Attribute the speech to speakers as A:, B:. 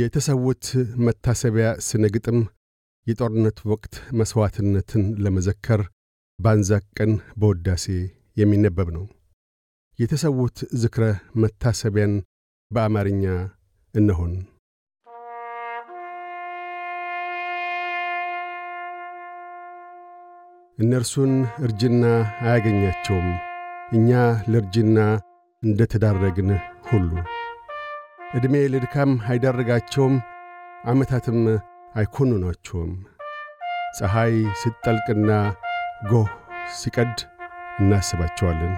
A: የተሰዉት መታሰቢያ ስነ ግጥም የጦርነት ወቅት መሥዋዕትነትን ለመዘከር ባንዛቅ ቀን በወዳሴ የሚነበብ ነው። የተሰዉት ዝክረ መታሰቢያን በአማርኛ እነሆን። እነርሱን እርጅና አያገኛቸውም፣ እኛ ለእርጅና እንደ ተዳረግን ሁሉ ዕድሜ ልድካም አይደርጋቸውም፣ ዓመታትም አይኮንኗቸውም። ፀሐይ ስትጠልቅና ጎህ ሲቀድ እናስባቸዋለን።